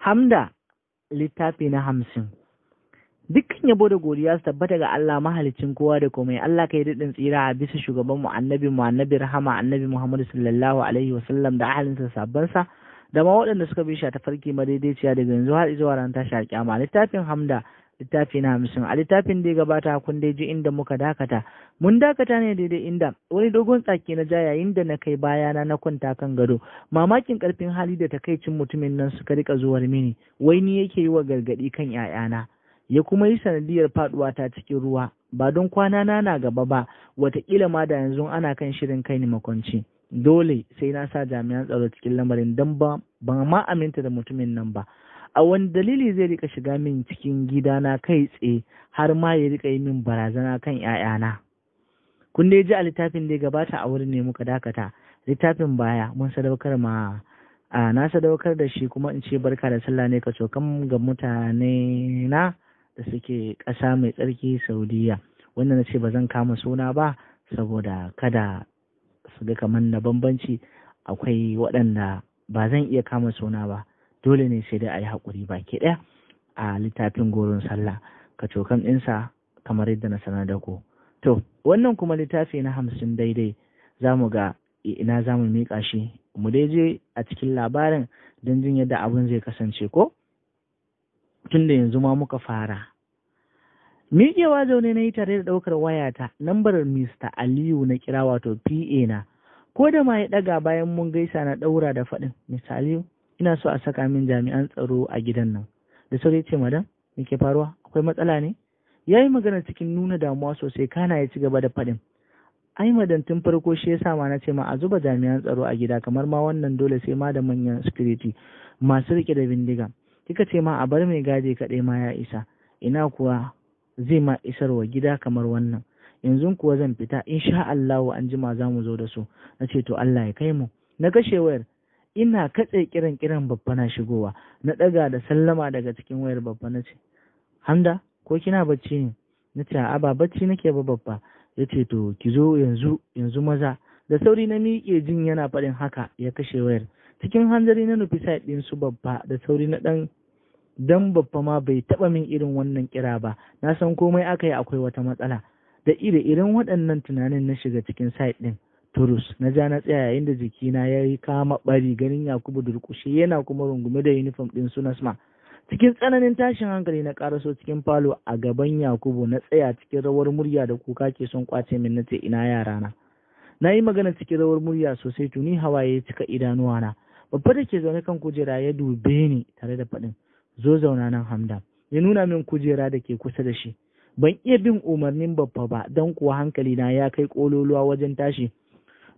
Hamda littafi na hamsin Dukkan yabo da godiya su tabbata ga Allah mahalicin kowa da komai Allah ka yi daɗin tsira a bisa shugaban mu annabi mu annabi rahama annabi Muhammadu sallallahu alaihi wa sallam da ahalinsa sabbansa da ma waɗanda suka bi shi a tafarki madaidaiciya daga yanzu har zuwa ran tashi a kyama, littafin Hamda littafi na hamsin a littafin da ya gabata kun dai ji inda muka dakata mun dakata ne daidai inda wani dogon tsaki na ja yayin da na kai bayana na kwanta kan gado mamakin karfin hali da takaicin mutumin nan suka rika zuwar mini wai ni yake yi wa gargadi kan 'ya'yana ya kuma yi sanadiyar faduwa ta cikin ruwa ba don kwana na na gaba ba watakila ma da yanzu ana kan shirin kai ni makwanci dole sai na sa jami'an tsaro cikin lamarin don ba ban ma aminta da mutumin nan ba a wani dalili zai rika shiga min cikin gidana kai tsaye har ma ya rika yi min barazana kan ‘ya'yana. Kun dai ji a littafin da ya gabata a wurin ne muka dakata, littafin baya mun sadaukar ma a na sadaukar da shi kuma in ce barka da sallah ne ka cokan ga mutane na da suke ƙasa mai tsarki Saudiya. Wannan na ce ba zan kama suna ba saboda kada su ga kamar na bambanci akwai waɗanda ba zan iya kama suna ba. dole ne sai dai a yi haƙuri baki ɗaya a littafin goron sallah ka cokan ɗinsa kamar yadda na sanar da ku to wannan kuma littafi na hamsin daidai za mu ga ina za mu miƙa shi mu dai je a cikin labarin don jin yadda abin zai kasance ko tun da yanzu ma muka fara miƙewa zaune na yi tare da ɗaukar wayata lambar mr aliyu na kira wato pa na ko da ma ya ɗaga bayan mun gaisa na ɗaura da faɗin mr aliyu ina so a saka min jami'an tsaro a gidan nan da sauri ce madam me ke faruwa akwai matsala ne ya yi magana cikin nuna damuwa sosai kana ya ci gaba da faɗin ai madan tun farko shi yasa ma na ce ma a zuba jami'an tsaro a gida kamar ma wannan dole sai ma da manyan security masu rike da bindiga kika ce ma a bar mai gadi kaɗai ma ya isa ina kuwa zai ma isarwa gida kamar wannan yanzu kuwa zan fita sha Allah an jima za mu zo da su na ce to Allah ya kai mu na kashe wayar ina katse kiran kiran babba na shigowa na ɗaga da sallama daga cikin wayar babba na ce "Handa, ko kina bacci ne na ce a ba bacci nake ba babba ya ce to ki zo yanzu yanzu maza da sauri na miƙe jin yana faɗin haka ya kashe wayar cikin hanzari na nufi site ɗin su babba da sauri na ɗan dan babba ma bai taɓa min irin wannan kira ba na san komai aka yi akwai wata matsala da ire-iren waɗannan tunanin na shiga cikin site ɗin turus na ja na tsaya yayin da jikina ya yi kama bari ganin yakubu durkushe yana kuma rungume da yunifom ɗin su nasma cikin tsananin tashin hankali na karaso cikin falo a gaban yakubu na tsaya cikin rawar murya da kuka ke son kwace min na ce ina yarana na yi magana cikin rawar murya sosai tuni hawaye cika idanuwa na. babba da ke zaune kan kujera ya dube ni tare da faɗin zo zauna nan hamda ya nuna min kujera da ke kusa da shi ban iya bin umarnin babba ba don kuwa hankali na ya kai kololuwa wajen tashi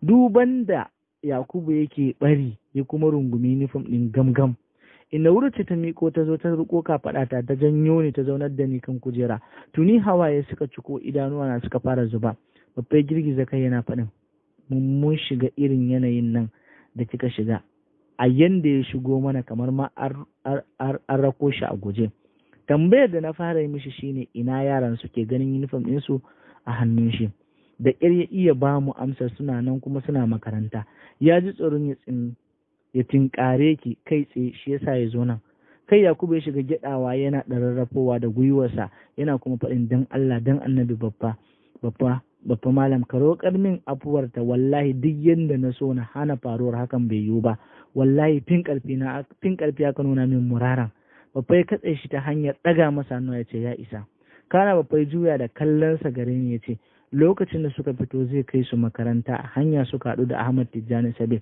duban da Yakubu yake bari ya kuma rungumi nufin ɗin gamgam. Ina wurce ta miko ta zo ta riko kafaɗata ta janyo ni ta zaunar da ni kan kujera. Tuni hawaye suka ciko idanuwa na suka fara zuba. Babbai girgiza kai yana faɗin. Mun shiga irin yanayin nan da kika shiga. A yanda ya shigo mana kamar ma an rako shi a guje. Tambayar da na fara yi mishi shine ina yaran suke ganin din ɗinsu a hannun shi. da ƙyar ya iya ba mu amsar suna nan kuma suna makaranta ya ji tsoron ya tsin ya tinkare ki kai tsaye shi yasa ya zo nan kai yakubu ya shiga gyaɗawa yana ɗararrafowa da gwiwarsa yana kuma faɗin dan Allah dan annabi babba babba babba malam ka roƙar min afuwarta wallahi duk yadda na so na hana faruwar hakan bai yiwu ba wallahi fin ƙarfi na fin ƙarfi aka nuna min muraran babba ya katse shi ta hanyar ɗaga masa hannu ya ce ya isa kana babba juya da kallonsa gare ni ya ce lokacin da suka fito zai kai su makaranta a hanya suka haɗu da Ahmad Tijjani sabi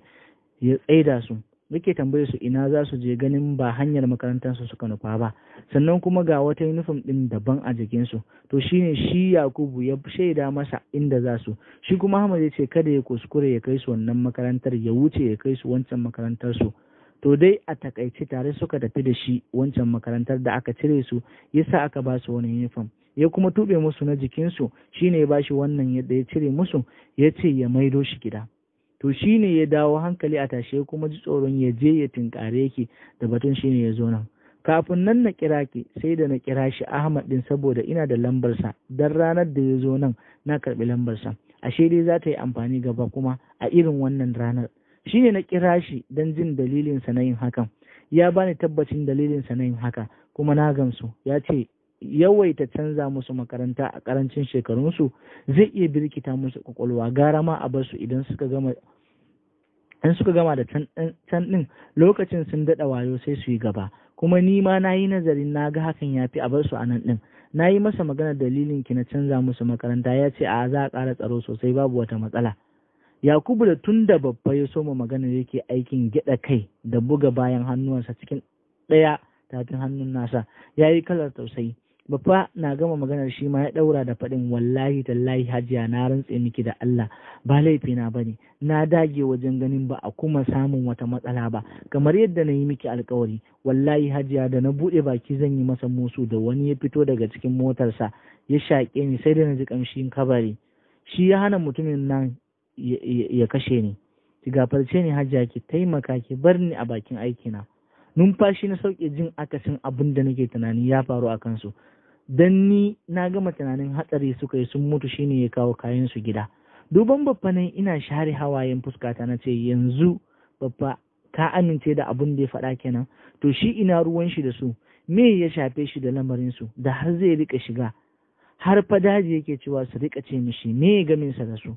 ya tsaida su muke tambaye su ina za su je ganin ba hanyar makarantarsu suka nufa ba sannan kuma ga wata yunifom ɗin daban a jikinsu to shine shi yakubu ya shaida masa inda za su shi kuma ahmad ya ce kada ya kuskure ya kai su wannan makarantar ya wuce ya kai su wancan su to dai a takaice tare suka tafi da shi wancan makarantar da aka cire su yasa aka ba su wani yunifom ya kuma tuɓe musu na jikinsu shine ba bashi wannan yadda ya cire musu ya ce ya maido shi gida to shi ne ya dawo hankali a tashe kuma ji tsoron ya je ya tinkare yake da batun shi ne ya zo nan kafin nan na kira ki sai da na kira shi Ahmad ɗin saboda ina da lambarsa dan ranar da ya zo nan na karɓi lambarsa ashe dai za ta yi amfani gaba kuma a irin wannan ranar Shi ne na kira shi don jin dalilinsa na yin hakan ya bani tabbacin dalilinsa na yin haka kuma na gamsu ya ce yawaita canza musu makaranta a karancin shekarunsu zai iya birkita musu kwakwalwa gara ma a basu idan suka gama in suka gama da can ɗin lokacin sun daɗa wayo sai su yi gaba kuma ni ma na yi nazarin na ga hakan ya fi a bar su a nan ɗin na yi masa magana dalilin ki na canza musu makaranta ya ce a za a ƙara tsaro sosai babu wata matsala yakubu da tun da babba ya soma magana yake aikin gyaɗa kai da buga bayan hannuwansa cikin ɗaya tafin hannun nasa ya yi kalar tausayi Bafa na gama maganar shi ma ya ɗaura da faɗin wallahi tallahi hajiya na rantse miki da Allah ba laifi ba ne na dage wajen ganin ba a kuma samun wata matsala ba kamar yadda na yi miki alkawari wallahi hajiya da na buɗe baki zan yi masa musu da wani ya fito daga cikin motarsa ya shaƙe ni sai da na ji ƙamshin kabari shi ya hana mutumin nan ya kashe ni ki gafarce ni hajiya ki taimaka ki bar ni a bakin aikina numfashi na sauke jin akasin abin da nake tunani ya faru a kansu dan ni na gama tunanin hatsari suka yi sun mutu shine ya kawo kayan su gida duban babba nan ina share hawayen fuskata na ce yanzu babba ka amince da abun da ya faɗa kenan to shi ina ruwan shi da su me ya shafe shi da lamarin su da har zai rika shiga har fa daji yake cewa su rika ce mishi me ya sa da su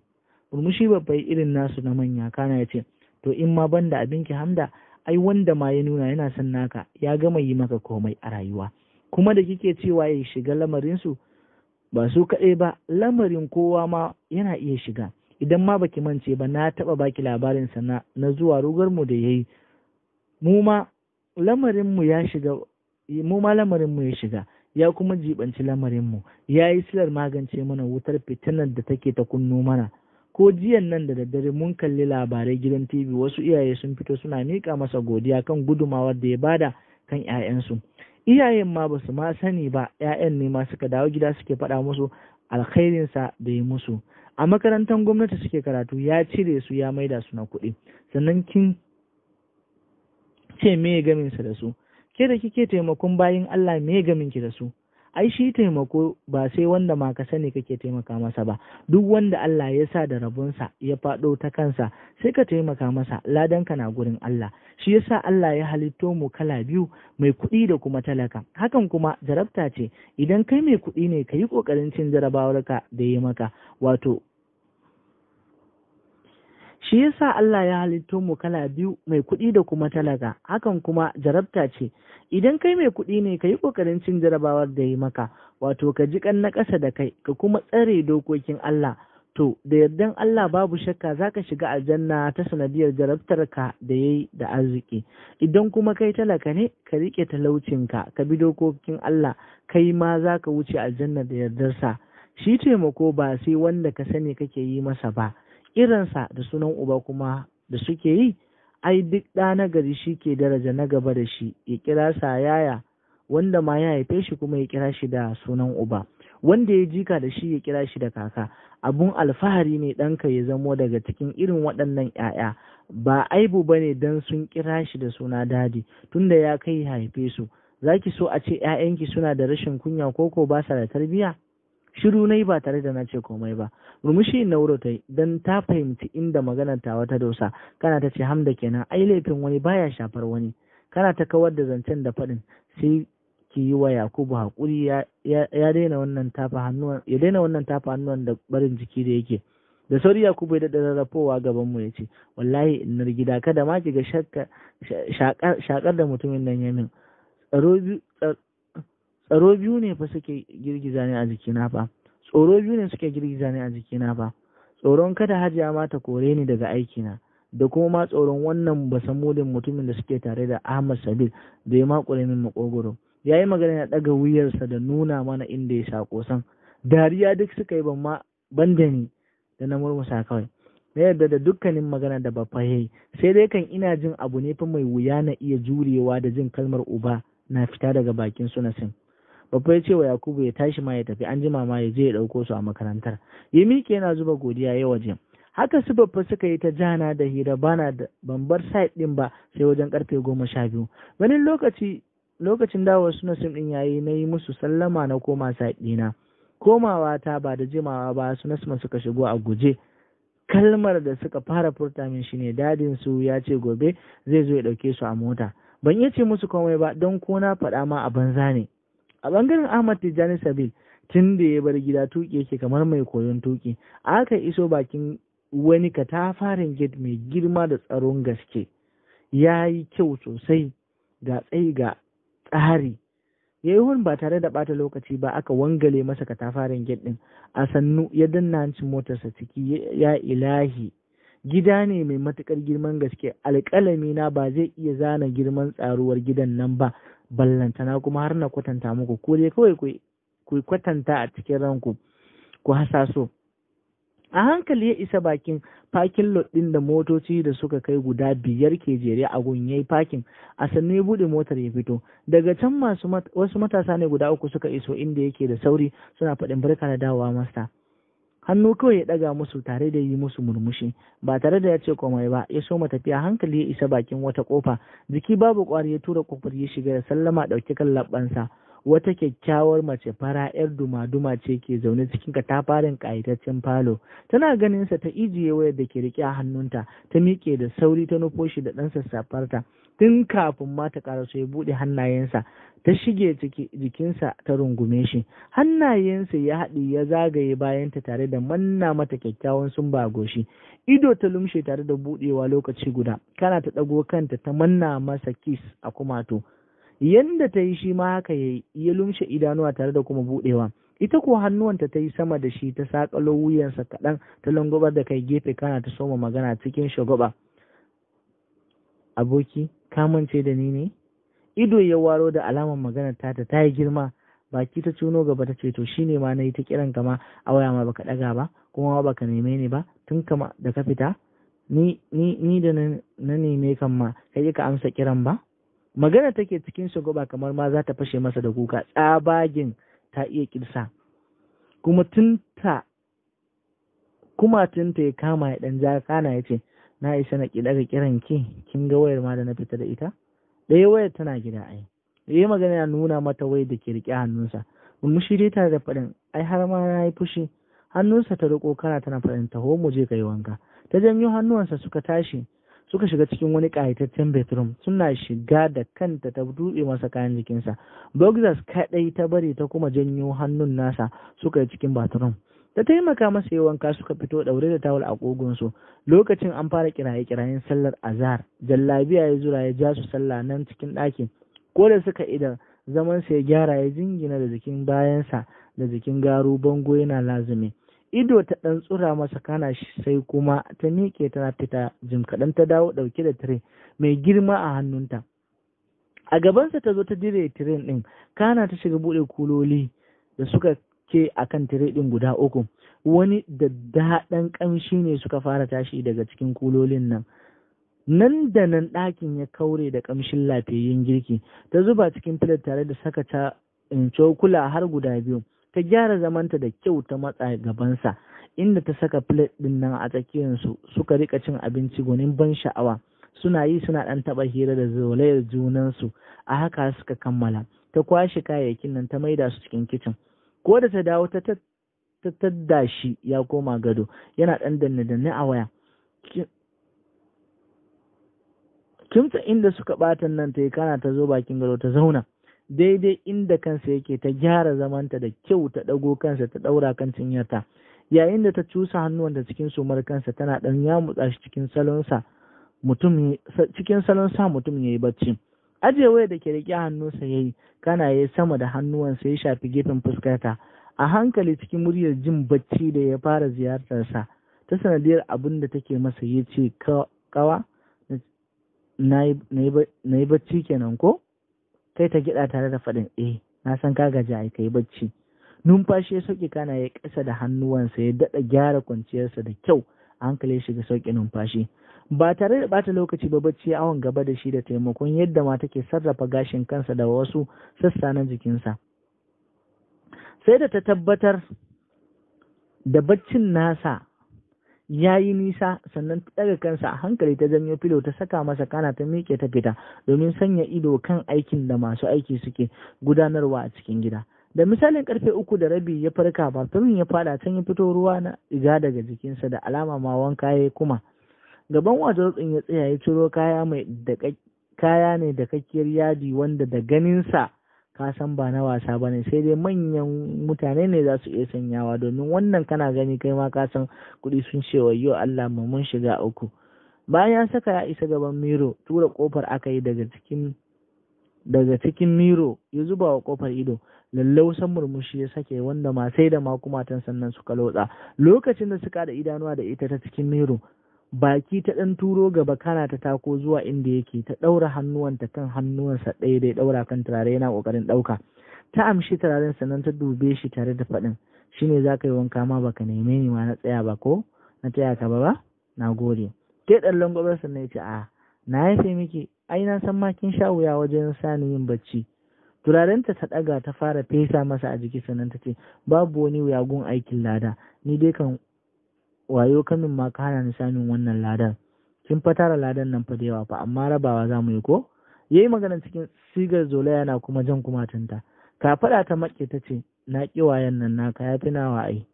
murmushi babba irin nasu na manya kana ya ce to in ma banda abinki hamda ai wanda ma ya nuna yana son naka ya gama yi maka komai a rayuwa kuma da kike cewa ya shiga lamarinsu ba su kaɗai ba lamarin kowa ma yana iya shiga idan ma baki mance ba na taɓa baki labarin sana na zuwa rugar mu da yayi mu ma lamarin mu ya shiga mu ma lamarin ya shiga ya kuma jibanci lamarin mu ya yi silar magance mana wutar fitinar da take ta kunno mana ko jiyan nan da daddare mun kalli labarai gidan TV wasu iyaye sun fito suna miƙa masa godiya kan gudumawar da ya bada kan 'ya'yansu. iyayen ma ba su ma sani ba 'ya'yan ne ma suka dawo gida suke faɗa musu alkhairinsa da yi musu a makarantar gwamnati suke karatu ya cire su ya maida su na kuɗi sannan kin ce me gaminsa da su ke da kike taimakon bayan Allah me gaminki da su ai shi taimako ba sai wanda ma ka sani kake taimaka masa ba duk wanda Allah ya sa da rabonsa ya faɗo ta kansa sai ka taimaka masa ladanka na gurin Allah shi yasa Allah ya halitto mu kala biyu mai kuɗi da kuma talaka hakan kuma jarabta ce idan kai mai kuɗi ne ka yi ƙoƙarin cin jarabawarka da yi maka wato Shi yasa Allah ya halitto mu kala biyu mai kuɗi da kuma talaga, hakan kuma jarabta ce. Idan kai mai kuɗi ne ka yi ƙoƙarin cin jarabawar da yi maka, wato ka ji kan na ƙasa da kai, ka kuma tsare dokokin Allah. To, da yardan Allah babu shakka za ka shiga aljanna ta sanadiyar jarabtar ka da ya yi da arziki. Idan kuma kai talaka ne, ka riƙe talaucinka, ka bi dokokin Allah, kai ma za ka wuce aljanna da yardarsa. Shi taimako ba sai wanda ka sani kake yi masa ba. irinsa da sunan uba kuma da suke yi ai duk ɗa na shi ke daraja na gaba da shi ya kira sa yaya wanda ma ya haife shi kuma ya kira shi da sunan uba wanda ya jika da shi ya kira shi da kaka abun alfahari ne ɗanka ya zamo daga cikin irin waɗannan 'ya'ya ba aibu ba ne don sun kira shi da suna dadi tunda ya kai haife su za ki so a ce 'ya'yanki suna da rashin kunya ko ba sa da tarbiyya shiru na ba tare da na ce komai ba murmushi wuro ta yi don ta fahimci inda maganar ta wata dosa kana ta ce hamda kenan ai laifin wani baya shafar wani kana ta kawar da zancen da faɗin sai ki yi wa yakubu haƙuri ya daina wannan tafa hannuwan ya daina wannan tafa hannuwan da barin jiki da yake da sauri yakubu ya daɗa rarrafowa gaban mu ya ce wallahi innar gida kada ma ki ga shakar da mutumin nan ya tsaro tsaro biyu ne fa suke girgiza ni a jikina fa tsoro biyu ne suke girgiza ni a jikina fa tsoron kada hajiya ma ta kore ni daga aikina da kuma ma tsoron wannan modin mutumin da suke tare da Ahmad Sabil da ya makure min makogoro ya yi magana ya ɗaga wuyarsa da nuna mana inda ya sha san dariya duk suka yi ban ma ban da ni da na murmusa kawai na yarda da dukkanin magana da ba sai dai kan ina jin abu ne fa mai wuya na iya jurewa da jin kalmar uba na fita daga bakin sunasin. babba ya ce wa yakubu ya tashi ma ya tafi an jima ma ya je ya ɗauko su a makarantar ya miƙe yana zuba godiya ya waje haka su babba suka yi ta jana da hira bana da ban bar site din ba sai wajen karfe goma sha biyu wani lokaci lokacin dawowar suna sim din yayi na yi musu sallama na koma site dina komawa ta ba da jimawa ba su nasma suka shigo a guje kalmar da suka fara furta min shine dadin su ya ce gobe zai zo ya ɗauke su a mota ban iya ce musu komai ba don ko na faɗa ma a banza ne a bangaren ahmad tijjani sabil tun da ya bar gida tuƙi yake kamar mai koyon tuƙi aka iso bakin wani katafaren gate mai girma da tsaron gaske ya yi kyau sosai ga tsayi ga tsari ya yi ba tare da ɓata lokaci ba aka wangale masa katafaren gate ɗin a sannu ya danna hancin motarsa ciki ya ilahi gida ne mai matuƙar girman gaske alƙalami na ba zai iya zana girman tsaruwar gidan nan ba ballantana kuma har na kwatanta muku ko dai kawai ku kwatanta a cikin ranku ku hasaso a hankali ya isa bakin pakin lot ɗin da motoci da suka kai guda biyar ke jere a gun pakin, a sannu ya bude motar ya fito daga can masu wasu matasa ne guda uku suka iso inda yake da sauri suna faɗin barka da dawowa masta hannu kawai ya ɗaga musu tare da yi musu murmushi ba tare da ya ce komai ba ya soma tafiya hankali ya isa bakin wata kofa jiki babu ƙwari ya tura kofar ya shiga ya sallama ɗauki kan labbansa wata kyakkyawar mace fara yar duma-duma ce ke zaune cikin katafarin ƙayataccen falo tana ganinsa ta ijiye wayar da ke riƙe a hannunta ta miƙe da sauri ta nufo shi da ɗan sassafarta tun kafin ma ta ƙaraso ya buɗe hannayensa ta shige jikinsa ta rungume shi hannayensa ya haɗi ya zagaye bayanta tare da manna mata kyakkyawan ba goshi ido ta lumshe tare da buɗewa lokaci guda kana ta ɗago kanta ta manna masa kis a kumato yanda ta yi shi ma haka ya lumshe idanuwa tare da kuma buɗewa ita ko hannuwanta ta yi sama da shi ta sakalo wuyansa kaɗan ta langobar da kai gefe kana ta soma magana cikin shagoba. aboki kamance da ni ne ido ya waro da alamar magana tata ta yi girma baki ta cuno gaba ta ce to shine ma na yi ta kiran kama a waya ma baka ɗaga ba kuma ma baka neme ni ba tun kama da ka fita ni ni da na neme kan ma kai ka amsa kiran ba magana take cikin shagwaba kamar ma za ta fashe masa da kuka tsabagin ta iya kirsa kuma tunta kuma tunta ya kama ya dan jakana yace, ya ce na isa na daga kiran ki kin ga wayar ma da na fita da ita ɗaya wayar tana gida ai yayi magana ya nuna mata wayar da ke rike hannunsa murmushi dai tare da faɗin ai har ma na yi fushi hannunsa ta riko kana tana faɗin taho mu je ka yi wanka ta janyo hannuwansa suka tashi suka shiga cikin wani ƙayataccen bedroom suna shiga da kanta ta dutse masa kayan jikinsa boxers kaɗai ta bari ta kuma janyo hannun nasa suka yi cikin bathroom ta taimaka masa yi wanka suka fito ɗaure da tawul a ƙugunsu lokacin an fara kiraye-kirayen sallar azhar jallabiya ya zura ya ja su sallah nan cikin ɗakin ko da suka ida zaman sai ya gyara ya jingina da jikin bayansa da jikin garu bango yana lazumi ido ta ɗan tsura masa kana sai kuma ta miƙe tana fita jim kaɗan ta dawo ɗauke da tire mai girma a hannunta a gabansa ta zo ta dire tire ɗin kana ta shiga buɗe kuloli da suka ke akan tire ɗin guda uku wani da daɗan ƙamshi ne suka fara tashi daga cikin kulolin nan nan da nan ɗakin ya kaure da ƙamshin lafiyayyen girki ta zuba cikin filet tare da saka ta cokula har guda biyu ta gyara zamanta da kyau ta matsa gabansa inda ta saka plate ɗin nan a tsakiyar su suka rika cin abinci gwanin ban sha'awa suna yi suna ɗan taba hira da zolayar junansu a haka suka kammala ta kwashe kayayyakin nan ta maida su cikin kicin ko da ta dawo ta tattadda shi ya koma gado yana ɗan danne danne a waya kimta inda suka batan nan ta yi kana ta zo bakin gado ta zauna daidai inda kansa yake ta gyara zamanta da kyau ta ɗago kansa ta ɗaura kan cinyarta yayin da ta cusa hannuwanta cikin sumar kansa tana ɗan yamutsa shi cikin salonsa mutum cikin salon sa mutum ya yi bacci ajiye waya da ke riƙe hannunsa ya yi kana ya sama da hannuwansa ya shafi gefen fuskarta a hankali cikin muryar jin bacci da ya fara ziyartarsa ta sanadiyar abin da take masa ya ce kawa na yi bacci kenan ko kai ta gida tare da faɗin eh na san ka gaji ai kai bacci numfashi ya sauke kana ya ƙasa da hannuwansa ya daɗa gyara kwanciyarsa da kyau a hankali ya shiga sauƙi numfashi ba tare da bata lokaci ba bacci awon gaba da shi da taimakon yadda ma take sarrafa gashin kansa da wasu sassa na jikinsa sai da ta tabbatar da baccin nasa ya yi nisa sannan ta ɗaga kansa a hankali ta janyo filo ta saka masa kana ta miƙe ta fita domin sanya ido kan aikin da masu aiki suke gudanarwa a cikin gida da misalin karfe uku da rabi ya farka ba ya fada can ya fito ruwa na iga daga jikinsa da alama ma wanka ya kuma gaban wajen ya tsaya ya ciro kaya mai ne da kakkiyar yadi wanda da ganinsa ka san ba na wasa ba ne sai dai manyan mutane ne za su iya sanyawa domin wannan kana gani kai ma kasan san kuɗi sun ce wa yau Allah mu mun shiga uku bayan ya saka ya isa gaban miro tura kofar aka yi daga cikin daga miro ya zuba wa kofar ido san murmushi ya sake wanda ma sai da ma makumatan sannan suka lotsa lokacin da suka da idanuwa da ita ta cikin miro baki ta ɗan turo gaba kana ta tako zuwa inda yake ta ɗaura hannuwanta kan hannuwansa ɗaya da ya ɗaura kan turare yana ƙoƙarin ɗauka ta amshi turaren sannan ta dube shi tare da faɗin shine za ka yi wanka ma baka neme ni ma na tsaya ba ko na taya ka ba ba na gode ke ɗan langwabar sannan ya ce a na yafe miki ai na san ma kin sha wuya wajen sani yin bacci turarenta ta ɗaga ta fara fesa masa a jiki sannan ta ce babu wani wuyagun aikin lada ni dai kan wayo kamin ma ka hana ni samun wannan ladan kin fa tara ladan nan fa da yawa fa amma rabawa za mu yi ko yayi magana cikin sigar zola yana kuma jan kumatunta ka faɗa ta make ta ce na ki wayan nan naka ya fi nawa ai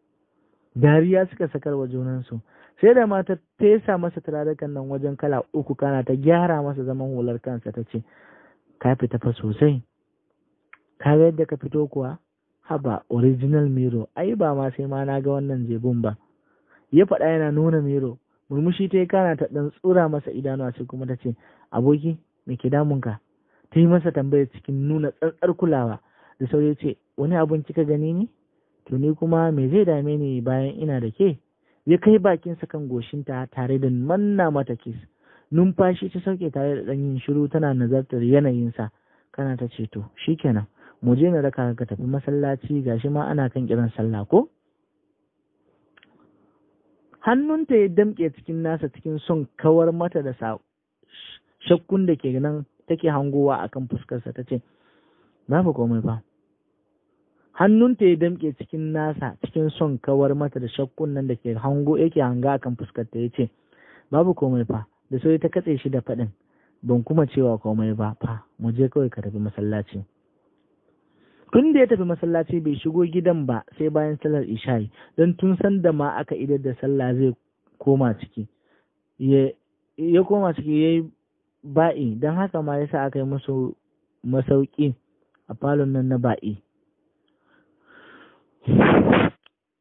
dariya suka sakar wa junansu sai da mata fesa masa turarukan nan wajen kala uku kana ta gyara masa zaman hular kansa ta ce ka fita fa sosai ka yadda ka fito kuwa haba original miro ai ba ma sai ma na ga wannan jebun ba ya faɗa yana nuna mero murmushi ta yi kana ta ɗan tsura masa idanu a kuma ta ce aboki me ke damunka ta yi masa tambayar cikin nuna tsantsar kulawa da sauri ce wani abun kika gani ne to ni kuma me zai dame ni bayan ina da ke ya kai bakinsa kan goshinta tare da manna mata kis numfashi ta sauke tare da ɗanyin shiru tana nazartar yanayinsa kana ta ce to shikenan mu je na raka ka tafi masallaci gashi ma ana kan kiran sallah ko hannunta ya damke cikin nasa cikin son kawar mata da shakkun da ke nan take hangowa a kan fuskarsa ta ce fi komai ba hannunta ya damke cikin nasa cikin son kawar mata da shakkun nan da ke hango yake hanga a kan fuskarta ya ce babu komai fa da sai ta katse shi da faɗin ban kuma cewa komai ba fa mu je kawai ka tafi masallaci tun da ya tafi masallaci bai shigo gidan ba sai bayan sallar isha'i don tun san da ma aka idar da sallah zai koma ciki ya koma ciki ya yi ba'i don haka ma yasa aka yi musu masauki a falon nan na ba'i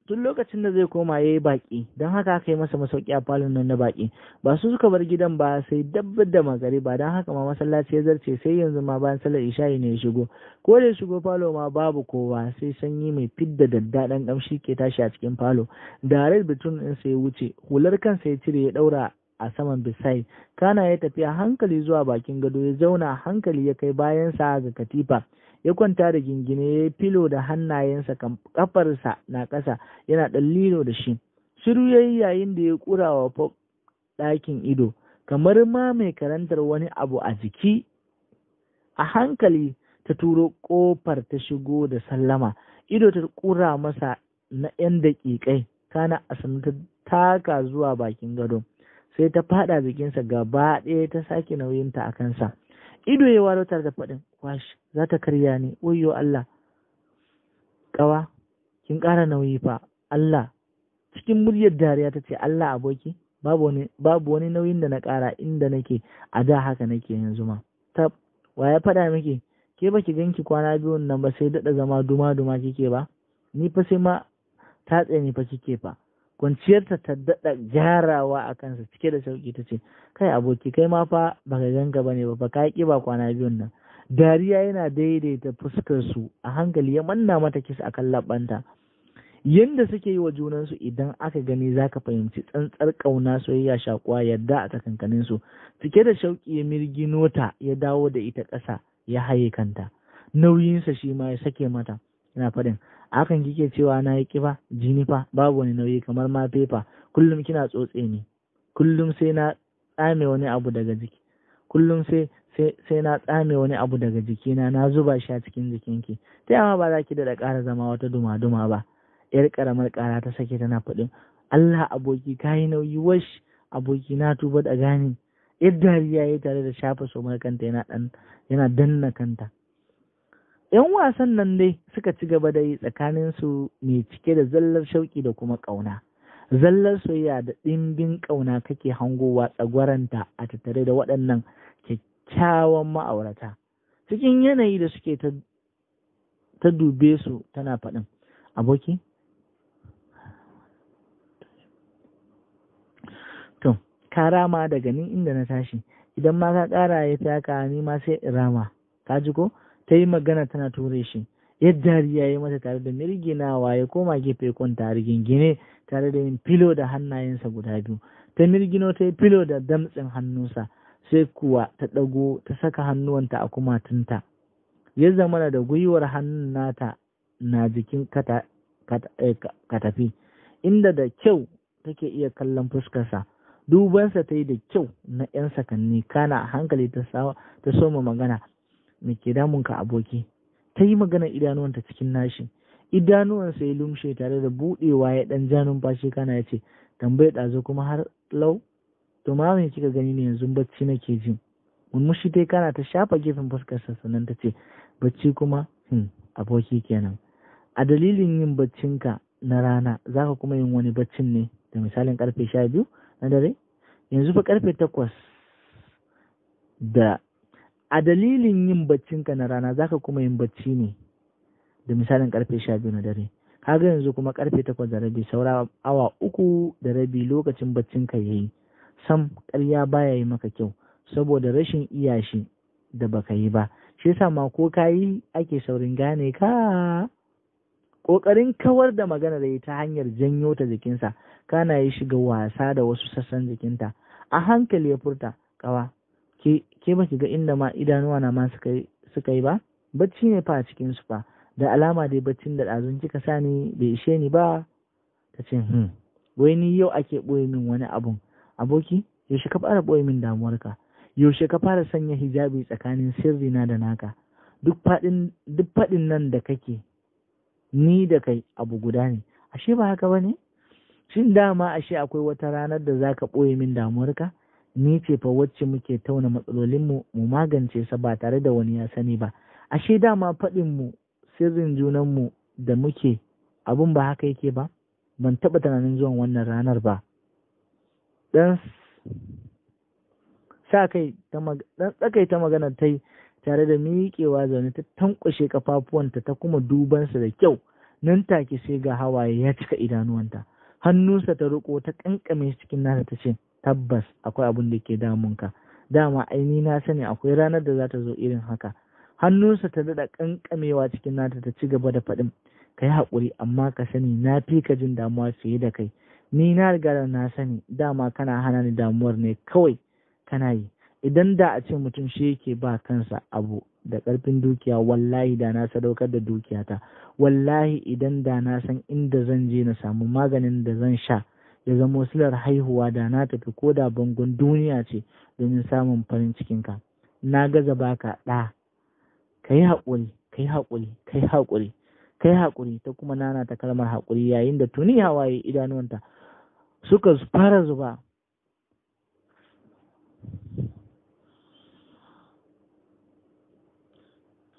tun lokacin da zai koma ya yi baƙi don haka aka yi masa masauki a falon nan na baƙi ba su suka bar gidan ba sai dabbar da magari ba don haka ma masallaci ya zarce sai yanzu ma bayan sallar isha'i ne ya shigo ko da ya shigo falo ma babu kowa sai sanyi mai fidda daddaɗan ƙamshi ke tashi a cikin falo direct bitun in sai wuce hular kansa ya cire ya ɗaura a saman bisai kana ya tafi a hankali zuwa bakin gado ya zauna hankali ya kai bayansa ga katifa ya kwanta da gingine ya yi filo da hannayensa kafarsa na ƙasa yana ɗan lilo da shi shiru ya yi yayin da ya ƙura wa ɗakin ido kamar ma mai karantar wani abu a jiki a hankali ta turo ƙofar ta shigo da sallama ido ta ƙura masa na 'yan daƙiƙai kana a taka zuwa bakin gado sai ta faɗa jikinsa gaba ɗaya ta sake nauyinta a kansa ido ya waro tare da faɗin washi za ta karya ne wayyo Allah ƙawa kin ƙara nauyi fa Allah cikin muryar dariya ta ce Allah aboki babu wani nauyin da na ƙara inda nake a da haka nake yanzu ma ta wa ya faɗa miki ke ba ki ganki kwana biyu nan ba sai daɗa zama duma duma kike ba ni fa sai ma tatse ni fa kike fa kwanciyarta ta daɗa gyarawa a kansa cike da sauƙi ta ce kai aboki kai ma fa baka ganka bane ba ka ƙi ba kwana biyun nan dariya yana daidaita fuskar su a hankali ya manna mata kisa a akan labanta yadda suke yi wa junansu idan aka gani za ka fahimci tsantsar ƙauna soyayya shakuwa yadda a tsakankanin su cike da shauƙi ya mirgi nota ya dawo da ita ƙasa ya haye kanta nauyinsa shi ma ya sake mata yana faɗin hakan kike cewa na yi kiba jini fa babu wani nauyi kamar ma fefa kullum kina tsotse ni kullum sai na tsame wani abu daga jiki kullum sai sai na tsame wani abu daga jikina na zuba shi a cikin jikinki ta yawa ba za ki da ƙara zama wata duma-duma ba yar karamar ƙara ta sake tana faɗin Allah aboki kayi nauyi wash aboki na tuba da gani yadda dariya ya tare da shafa somar kanta yana danna kanta 'yan wasan nan dai suka ci gaba da yi tsakaninsu mai cike da zallar shauƙi da kuma ƙauna zallar soyayya da ɗimbin ƙauna kake hangowa tsagwaranta a tattare da waɗannan kyakkyawan ma'aurata cikin yanayi da suke ta dube su tana faɗin aboki to ka rama daga ni inda na tashi idan ma ka ƙara ya taka ni ma sai rama ka ji ko ta yi magana tana ture shi yadda dariya ya mata tare da mirginawa ya koma gefe kwanta a rigingine tare da yin filo da hannayensa guda biyu ta mirgino ta yi filo da damtsin hannunsa sai kuwa ta ɗago ta saka hannuwanta a kumatunta ya zama da gwiwar hannun nata na jikin katafi eh, inda da kyau take iya kallon fuskarsa dubansa ta yi da kyau na 'yan sakanni kana a hankali ta soma magana me ke damun ka aboki ta yi magana idanuwanta cikin nashi idanuwansa ya lumshe tare da buɗewa ya ɗan ja numfashi kana ya ce tambayar ɗazu kuma har lau to ma me kika gani ne yanzu bacci nake ji murmushi dai kana ta shafa gefen fuskarsa sannan ta ce bacci kuma hmm, aboki kenan a dalilin yin baccinka na rana za ka kuma yin wani baccin ne da misalin karfe sha biyu na dare yanzu fa karfe takwas da a dalilin yin baccinka na rana zaka kuma yin bacci ne da misalin karfe sha biyu na dare kaga yanzu kuma karfe takwas da rabi saura awa uku da rabi lokacin baccinka yayi sam ƙarya baya yi maka kyau saboda rashin iyashi da baka yi ba shi yasa ma ko ka yi ake saurin gane ka ƙoƙarin kawar da maganar yi ta hanyar janyo ta jikinsa kana yi shiga wasa da wasu sassan jikinta a hankali ya furta kawa? ke ke baki ga inda ma idanuwa na ma suka yi ba bacci ne fa a cikin su fa da alama dai baccin da ɗazun kika sani bai ishe ni ba ta ce hmm wai ni yau ake ɓoye min wani abun aboki yaushe ka fara ɓoye min damuwarka yaushe ka fara sanya hijabi tsakanin sirri na da naka duk faɗin nan da kake ni da kai abu guda ne ashe ba haka ba ne shin dama ashe akwai wata ranar da zaka ɓoye min damuwarka ni ce fa wacce muke tauna matsalolinmu mu magance sa ba tare da wani ya sani ba ashe dama faɗinmu sirrin junanmu da muke abin ba haka yake ba ban taɓa tunanin zuwan wannan ranar ba ɗan sa kai tsakai ta magana ta yi tare da miƙewa zaune ta tankwashe kafafuwanta ta kuma dubansa da kyau nan take sai ga hawaye ya cika idanuwanta hannunsa ta riko ta kankame cikin nata ta ce tabbas akwai abin da ke damunka dama aini na sani akwai ranar da za ta zo irin haka hannunsa ta daɗa ƙanƙamewa cikin nata ta ci gaba da faɗin ka yi haƙuri amma ka sani na fi ka jin damuwa fiye da kai ni na riga da na sani dama kana hana ni damuwar ne kawai kana yi idan da a ce mutum shi yake ba kansa abu da ƙarfin dukiya wallahi da na sadaukar da dukiyata wallahi idan da na san inda zan je na samu maganin da zan sha ya zama silar haihuwa da na tafi ko da bangon duniya ce domin samun farin cikinka na gaza baka ɗa ka yi haƙuri ka yi haƙuri ka yi haƙuri ka yi haƙuri ta kuma nana ta kalmar haƙuri yayin da tuni hawaye idanuwanta suka fara zuba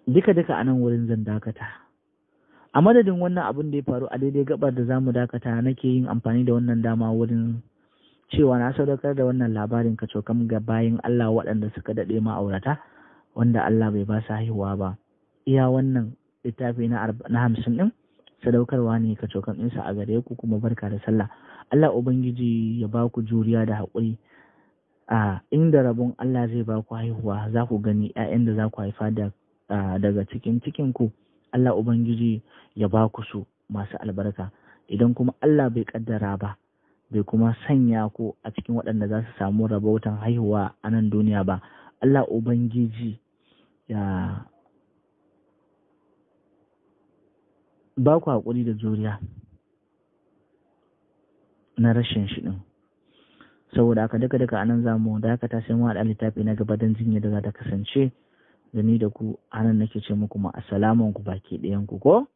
duka-duka a nan wurin zan dakata a madadin wannan abin da ya faru a daidai gabar da za mu dakata nake yin amfani da wannan dama wurin cewa na sadaukar da wannan labarin ka cokam ga bayan Allah waɗanda suka daɗe ma'aurata wanda Allah bai ba su haihuwa ba iya wannan littafi na hamsin ɗin sadaukarwa ne ka cokam insa a gare ku kuma barka da sallah Allah Ubangiji ya ba ku juriya da haƙuri a inda rabon Allah zai ba ku haihuwa za ku gani 'ya'yan da za ku haifa daga cikin cikin ku Allah Ubangiji ya ba ku su masu albarka idan kuma Allah bai kaddara ba bai kuma sanya ku a cikin waɗanda za su samu rabautan haihuwa a nan duniya ba Allah Ubangiji ya ba ku haƙuri da juriya na rashin shi ɗin saboda aka duka-duka a nan za mu dakata sai mu haɗa littafi na gaba don jinya da za ta kasance da ni da ku anan nake ce muku ma assalamun baki ɗayan ku ko